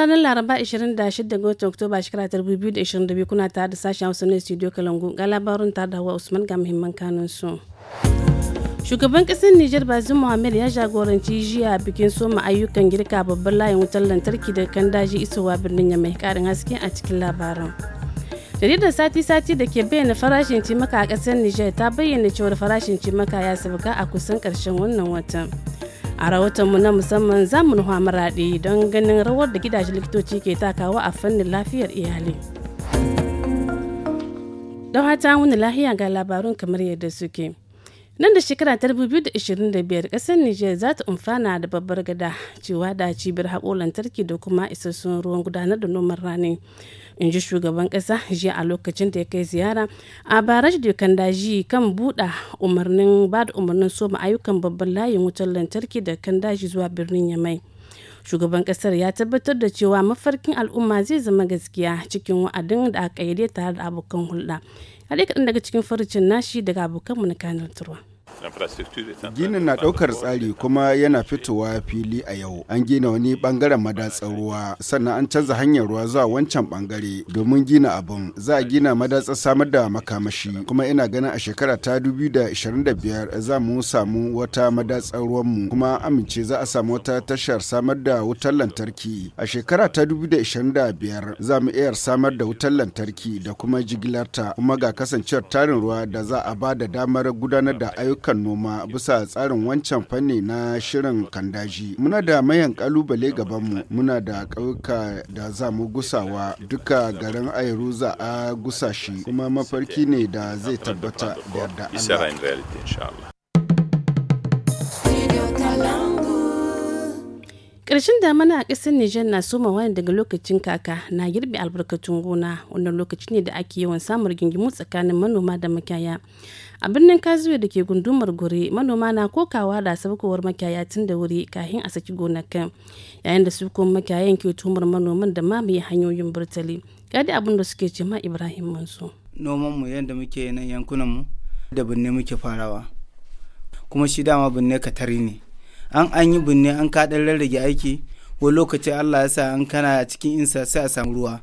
ranar laraba 26 ga oktoba shekara 2022 kuna tare da sashen hausa na studio kalangu ga labarin tare da hawa usman ga muhimman kanun su shugaban kasar niger bazin mohammed ya jagoranci jiya bikin soma ayyukan girka babban layin wutar lantarki da kan daji isowa birnin ya mai karin haske a cikin labarin jaridar sati-sati da ke bayyana farashin cimaka a kasar Nijar ta bayyana cewa farashin cimaka ya sabuka a kusan karshen wannan watan a mu na musamman za mu nuha maraɗi don ganin rawar da gidajen likitoci ke takawa a fannin lafiyar iyali don hata wani lahiya ga labarun kamar yadda suke nan da shekara ta 2025 kasar niger za ta umfana da babbar gada cewa da cibiyar haƙo lantarki da kuma isassun ruwan gudanar da noman rani in ji shugaban ƙasa jiya a lokacin da ya kai ziyara a baraj da kan daji kan buɗa umarnin ba da umarnin soma ayyukan babban layin wutar lantarki da kan daji zuwa birnin yamai shugaban kasar ya tabbatar da cewa mafarkin al'umma zai zama gaskiya cikin wa'adin da aka yi tare da abokan hulɗa. Hade kaɗan daga cikin farcin nashi daga abokanmu na kanar turwa. Ginin na ɗaukar tsari kuma yana fitowa fili a yau. An gina wani bangaren madatsar ruwa, sannan an canza hanyar ruwa zuwa wancan bangare domin gina abin. Za a gina madatsar samar da makamashi, kuma ina ganin a shekara ta 2025 za mu samu wata madatsar ruwanmu, kuma amince za a samu wata tashar samar da wutar lantarki. A shekara ta 2025 za mu iya samar da wutar lantarki da kuma jigilarta, kuma ga kasancewar tarin ruwa da za a ba da damar gudanar da ayyuka ayyukan noma bisa tsarin wancan fanni na shirin kandaji. Muna da mayan kalubale gabanmu, muna da ƙauyuka da za mu gusawa duka garin ayaru za a gusa shi kuma mafarki ne da zai tabbata da yadda karshen da mana a ƙasar Nijar na soma wani daga lokacin kaka na girbe albarkatun gona wannan lokaci ne da ake yawan samun rigingimu tsakanin manoma da makaya. a birnin kazuwe da ke gundumar gure manoma na kokawa da sabkowar makiyaya tun da wuri kahin a saki gonakan yayin da su kuma makiyayan ke tumar manoman da mamaye hanyoyin burtali gadi abin da suke ce ma ibrahim manso noman mu yadda muke nan yankunan mu da binne muke farawa kuma shi dama binne katari ne an an yi binne an kaɗan rarrage aiki ko lokaci allah ya sa an kana cikin insa sai a samu ruwa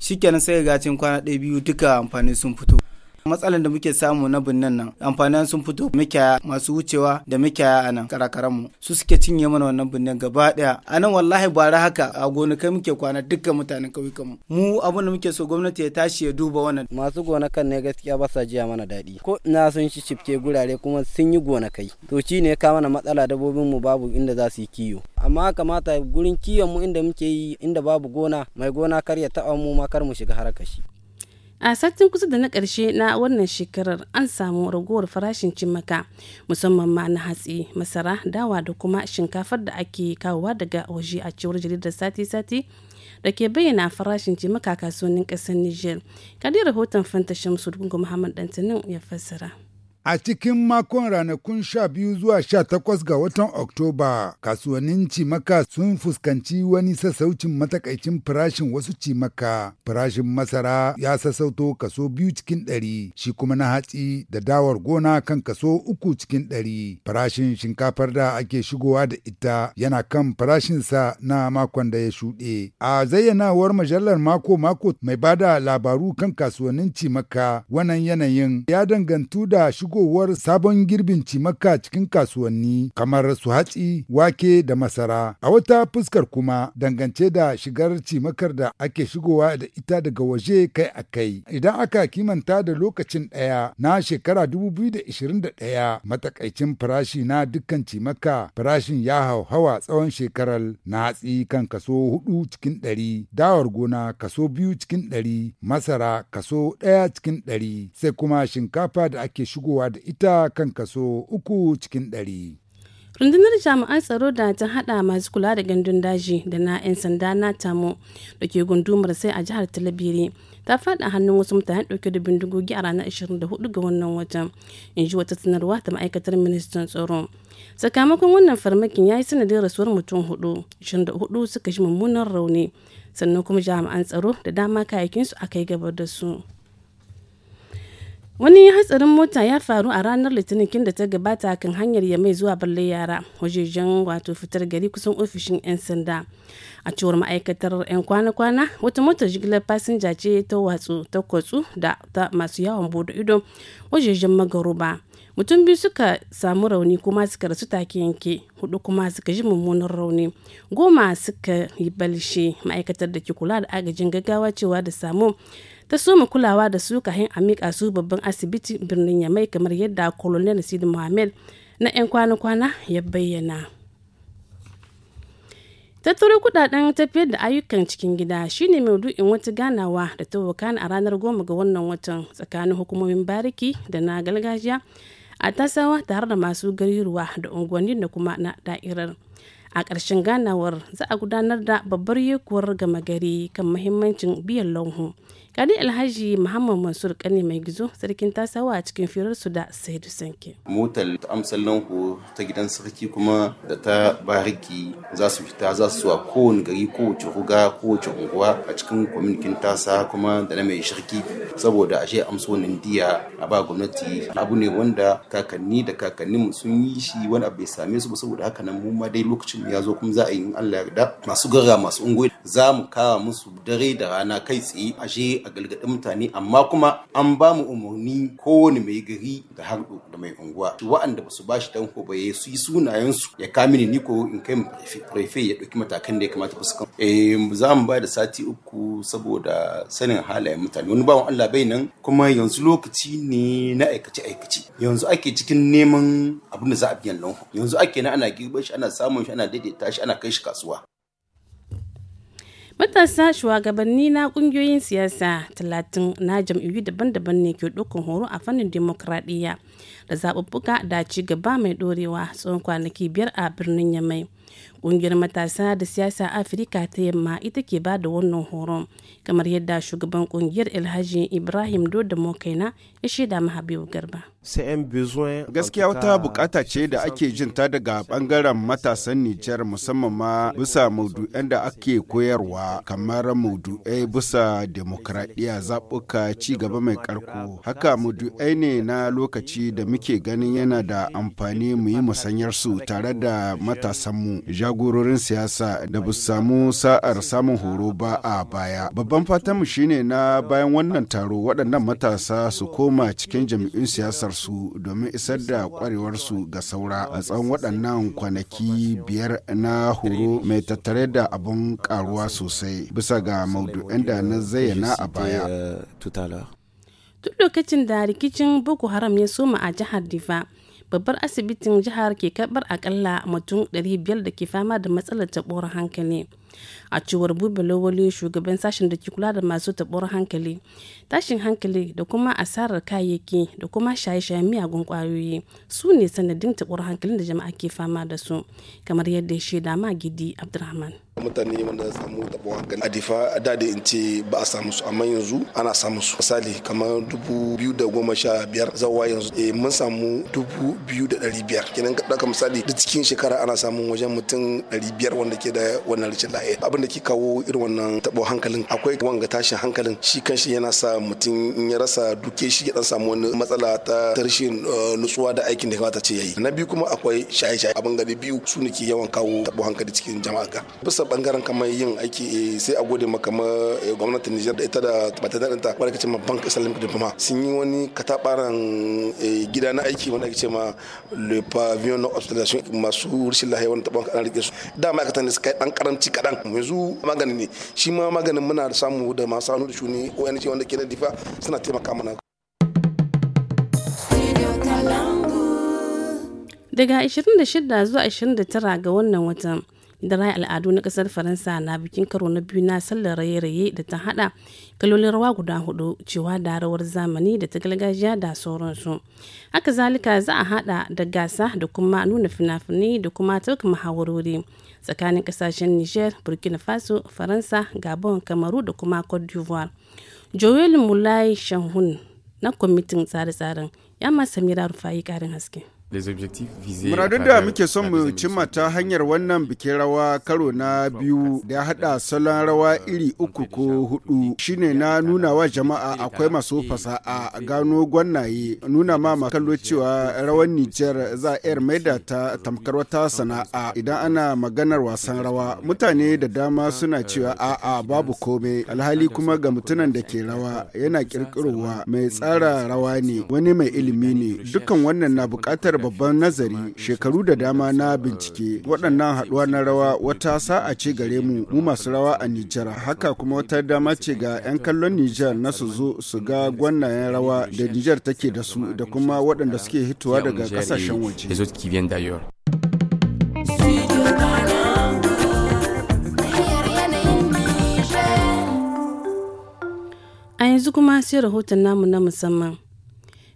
shikenan sai gacin kwana ɗaya biyu duka amfani sun fito matsalar da muke samu na binnan nan amfanin sun fito muke masu wucewa da muke a nan karakaran mu su suke cinye mana wannan binnan gaba daya a nan wallahi bara haka a gonakai muke kwana dukkan mutanen kauyukan mu mu abin da muke so gwamnati ya tashi ya duba wannan masu kan ne gaskiya ba sa jiya mana daɗi ko na sun shi cifke gurare kuma sun yi gonakai to shi ne ka mana matsala dabbobin mu babu inda za su yi kiyo amma kamata gurin kiyon mu inda muke yi inda babu gona mai gona kar ya taɓa mu ma kar mu shiga harkar shi a satin kusa da na ƙarshe na wannan shekarar an samu ragowar farashin cimaka musamman ma na hatsi masara dawa da kuma shinkafar da ake kawowa daga waje a cewar jaridar sati-sati da ke bayyana farashin cimaka kasuwannin ƙasar niger kadi rahoton fanta shamsu muhammad dantanin ya fassara A cikin makon ranakun sha biyu zuwa sha 18 ga watan Oktoba, kasuwannin cimaka sun fuskanci wani sassaucin matakaicin farashin wasu cimaka. Farashin masara ya sassauto kaso biyu cikin ɗari, shi kuma na hatsi da dawar gona kan kaso uku cikin ɗari. Farashin shinkafar da ake shigowa da ita yana kan farashinsa na makon da ya shuɗe. A zayyanawar majallar mako-mako mai bada labaru kan kasuwannin cimaka, wannan yanayin ya dangantu da shigo shigowar sabon girbin cimaka cikin kasuwanni kamar su hatsi, wake da masara. A wata fuskar kuma dangance da shigar cimakar da ake shigowa da ita daga waje kai a kai. Idan aka kimanta da lokacin ɗaya na shekara ɗaya, matakaicin farashi na dukkan cimaka farashin ya hau hawa tsawon shekarar na hatsi kan kaso 4 cikin 100, dawar gona kaso biyu cikin ɗari, masara kaso ɗaya cikin ɗari, sai kuma shinkafa da ake shigowa shigowa da ita kan kaso uku cikin ɗari. rundunar jami'an tsaro da ta hada masu kula da gandun daji da na 'yan sanda na tamo da ke gundumar sai a jihar talabiri ta fada hannun wasu mutane dauke da bindigogi a ranar 24 ga wannan watan in ji wata sanarwa ta ma'aikatar ministan tsaro sakamakon wannan farmakin ya yi sanadin rasuwar mutum hudu 24 suka ji mummunan rauni sannan kuma jami'an tsaro da dama kayakinsu aka yi gabar da su wani hatsarin mota ya faru a ranar litinin kin da ta gabata kan hanyar yamai zuwa balle yara wajejen wato fitar gari kusan ofishin 'yan sanda a cewar ma'aikatar 'yan kwana-kwana wata motar jigilar fasinja ce ta watsu ta kwatsu da ta masu yawon bude ido wajejen magaruba mutum biyu suka samu rauni kuma suka rasu take yanke hudu kuma suka ji mummunan rauni goma suka yi balshe ma'aikatar da ke kula da agajin gaggawa cewa da samu ta soma kulawa da su kahin a miƙa su babban asibiti birnin yamai kamar yadda kolonel sidi muhammed na 'yan kwana-kwana ya bayyana tattaro kudaden tafiyar da ayyukan cikin gida shine maudu'in wata ganawa da ta a ranar goma ga wannan watan tsakanin hukumomin bariki da na gargajiya a tasawa tare da masu gariruwa da unguwanni da kuma na da'irar a ƙarshen ganawar za a gudanar da babbar yekuwar gama gari kan mahimmancin biyan lanhu kani alhaji muhammad mansur kane mai gizo sarkin tasawa a cikin firarsu da saidu sanke motar ta amsar lanhu ta gidan sarki kuma da ta bariki za su fita za su a kowane gari kowace ruga kowace unguwa a cikin kwamitin tasa kuma da na mai shirki saboda a shi amso wannan diya a ba gwamnati abu ne wanda kakanni da kakanninmu sun yi shi wani abu bai same su ba saboda haka nan mu ma dai lokacin lokacin ya zo kuma za a yi in Allah ya masu gara masu ungoyi za mu kawo musu dare da rana kai tsaye a je a galgaɗi mutane amma kuma an ba mu umarni kowane mai gari da harɗo da mai unguwa wa'anda ba su ba shi danko ba ya eh, su yi sunayensu ya kame ni ko in kai mu prefe ya ɗauki matakan da ya kamata ba su kan eh, za mu ba da sati uku saboda sanin halayen mutane wani bawan Allah bai nan kuma yanzu lokaci ne na aikace aikace yanzu ake cikin neman abin da za a biyan lanhu yanzu ake na ana girbe shi ana samun shi ana daidaita shi ana kai shi kasuwa matasa shugabanni na kungiyoyin siyasa talatin na jam'iyyu daban-daban ne ke dukkan horo a fannin demokradiyya da zaɓuɓɓuka da ci gaba mai ɗorewa tsawon kwanaki biyar a birnin yamai Ƙungiyar matasa da siyasa Afirka ta yamma ita ke ba da wannan horon kamar yadda shugaban ƙungiyar Alhaji Ibrahim Dodo Mokaina ya shaida ma Habibu Garba. Gaskiya wata bukata ce da ake jin ta daga bangaren matasan Nijar musamman ma bisa maudu'an da ake koyarwa kamar maudu'ai bisa demokradiyya zaɓuka ci gaba mai karko. Haka maudu'ai ne na lokaci da muke ganin yana da amfani mu yi musanyar su tare da matasanmu. jagororin siyasa da ba samu sa'ar samun horo ba a baya. Babban fatanmu shine na bayan wannan taro waɗannan matasa su koma cikin jam'iyyun siyasar su domin isar da ƙwarewarsu ga saura a tsawon waɗannan kwanaki biyar na horo mai tattare da abun ƙaruwa sosai bisa ga maudu'in da na zayyana a baya. Euh, Duk lokacin da rikicin Boko Haram ya soma a jihar Difa, babbar asibitin jihar ke karɓar akalla mutum 500 da ke fama da matsalar taɓuwar hankali a cewar lawali shugaban sashen da ke kula da masu taɓar hankali tashin hankali da kuma asarar kayayyaki da kuma shaye-shayen miyagun kwayoyi su ne sanadin taɓar hankalin da jama'a ke fama da su kamar yadda ya shaida ma gidi abdulrahman mutane wanda samu taɓa hankali a difa a dade in ce ba a samu su amma yanzu ana samu su misali kamar dubu biyu da goma sha biyar zawa yanzu e, mun samu dubu biyu da ɗari biyar kenan ka ɗauka misali duk cikin shekara ana samun wajen mutum ɗari biyar wanda ke da wannan rashin filaye eh, abin da ke kawo irin wannan tabo hankalin akwai wanga tashin hankalin shi kanshi yana sa mutum in ya rasa duke shi ya dan samu wani matsala ta tarshen eh, nutsuwa da aikin da ya kamata ce yayi na biyu kuma akwai shaye-shaye abin gari biyu su ne ke yawan kawo tabo hankali cikin jama'a ga bisa bangaren kamar yin aiki eh, sai a gode maka ma gwamnatin Nijar da ita da bata dadin ta wanda kace ma bank islamic diploma sun yi wani katabaran gida na aiki wanda kace ma le pavillon hospitalisation masu rishin lahiya wanda tabon kana rike su da ma'aikatan ne suka ɗan karamci kadan kaɗan yanzu maganin ne shi ma maganin muna samu da masu hannu da shuni ONG wanda ke na difa suna taimaka mana daga 26 zuwa 29 ga wannan watan da rayan al'adu na kasar faransa na bikin karo na biyu na sallar raye-raye da ta hada kalolin rawa guda hudu cewa da rawar zamani da ta gargajiya da sauransu haka zalika za a hada da gasa da kuma nuna fina-finai da kuma tauka muhawarori tsakanin kasashen niger burkina faso faransa gabon kamaru da kuma cote d'ivoire joel mulai shahun na kwamitin tsare-tsaren ya ma samira rufayi karin haske Muradun da muke son mu cimma ta hanyar wannan bikin rawa karo na biyu da ya haɗa salon rawa iri uku ko hudu shine na nuna wa jama'a akwai masu fasa'a gano gwannaye nuna ma makallo cewa rawan Nijar za a yar maida ta tamkar wata sana'a idan ana maganar wasan rawa mutane da dama suna cewa a'a babu komai alhali kuma ga mutumin da ke rawa yana kirkirowa mai tsara rawa ne wani mai ilimi ne dukkan wannan na buƙatar babban nazari shekaru da dama na bincike waɗannan haɗuwa na rawa wata sa'a ce gare mu mu masu rawa a Nijar haka kuma wata dama ce ga 'yan kallon Nijar na su zo su ga gwannayen rawa da Nijar take da su da kuma waɗanda suke hitowa daga ƙasashen waje. A yanzu kuma sai rahoton namu na musamman.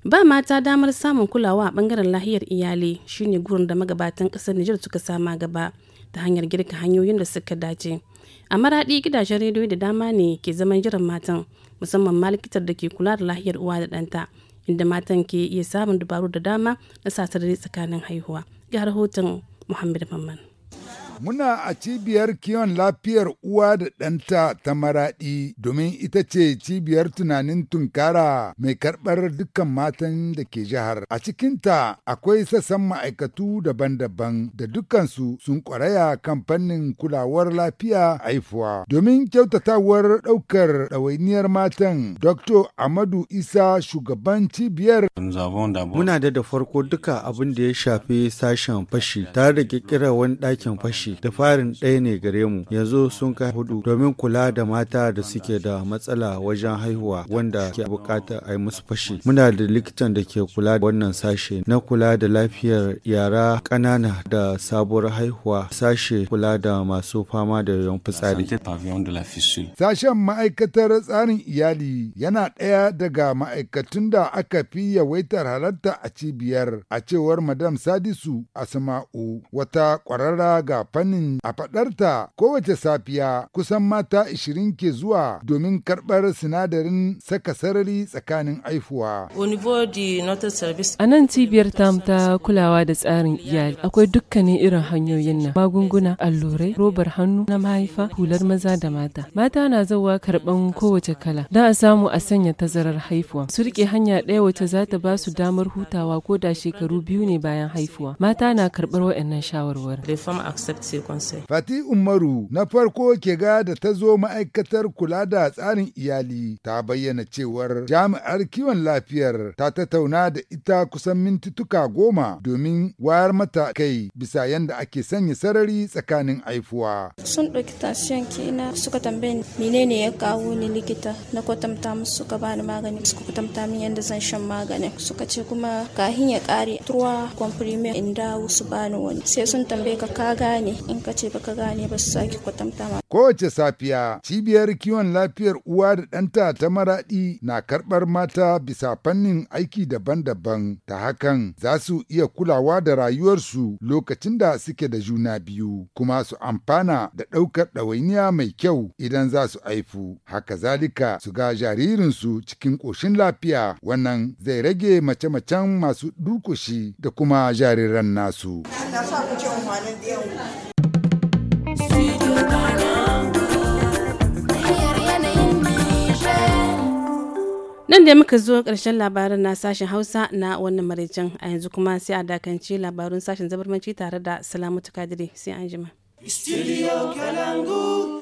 ba mata damar samun kulawa a bangaren lahiyar iyali shine gurin da magabatan kasar Nijar suka sama gaba ta hanyar girka hanyoyin da suka dace a maraɗi gidajen rediyo da dama ne ke zaman jiran matan musamman ma likitar da ke kula da lahiyar uwa da ɗanta inda matan ke iya samun dabaru da dama na sasar tsakanin haihuwa ga rahoton muhammad mamman muna a cibiyar kiwon lafiyar uwa da ɗanta ta maraɗi domin ita ce cibiyar tunanin tunkara mai karɓar dukkan matan da ke jihar. A cikinta akwai sassan ma'aikatu daban-daban da dukkansu sun ƙwaraya kan fannin kulawar lafiya haifuwa. Domin kyautatawar ɗaukar ɗawainiyar matan, Dr. Amadu Isa shugaban cibiyar. Muna da da farko duka abin da ya shafi sashen fashi tare da ƙirƙirar wani ɗakin fashi da farin ɗaya ne gare mu yanzu sun kai hudu domin kula da mata da suke da matsala wajen haihuwa wanda ke bukatar a yi musu fashi muna da likitan da ke kula da wannan sashe na kula da lafiyar yara ƙanana da sabuwar haihuwa sashe kula da masu fama da yawan fitsari sashen ma'aikatar tsarin iyali yana ɗaya daga ma'aikatun da aka fi yawaitar halarta a cibiyar a cewar madam sadisu asma'u wata ƙwararra ga fannin a faɗarta kowace safiya kusan mata 20 ke zuwa domin karɓar sinadarin saka sarari tsakanin aifuwa. A nan cibiyar tam ta kulawa da tsarin iyali akwai dukkanin irin hanyoyin nan magunguna allurai robar hannu na mahaifa hular maza da mata. Mata na zauwa karɓar kowace kala don a samu a sanya tazarar haifuwa. Su rike hanya ɗaya wacce za ta ba su damar hutawa ko da shekaru biyu ne bayan haifuwa. Mata na karɓar waɗannan shawarwar. Fati Umaru na farko ke ga da ta zo ma'aikatar kula da tsarin iyali ta bayyana cewar jami'ar kiwon lafiyar ta tattauna da ita kusan mintituka goma domin wayar mata kai bisa yadda ake sanya sarari tsakanin aifuwa. Sun ɗauki tashiyan kina suka tambaye ni menene ya kawo ni likita na kwatanta musu suka bani magani suka kwatanta min yadda zan shan magani. suka ce kuma kahin ya kare turwa komprime in dawo su bani wani sai sun tambaye ka ka gane ne in ka ce baka gane ba su sake kwatanta ma. Kowace safiya cibiyar kiwon lafiyar uwa da ɗanta ta maraɗi na karɓar mata bisa fannin aiki daban-daban ta hakan za su iya kulawa da rayuwarsu lokacin da suke da juna biyu kuma su amfana da ɗaukar ɗawainiya mai kyau idan za su haifu haka zalika su ga jaririnsu cikin ƙoshin lafiya wannan zai rage mace-macen masu durkushi da kuma jariran nasu. nan da muka zo ƙarshen labarin na sashen hausa na wannan maraicin a yanzu kuma sai a dakance labarun sashen zabarmanci tare da salamatu kadiri sai an jima. Kalangu.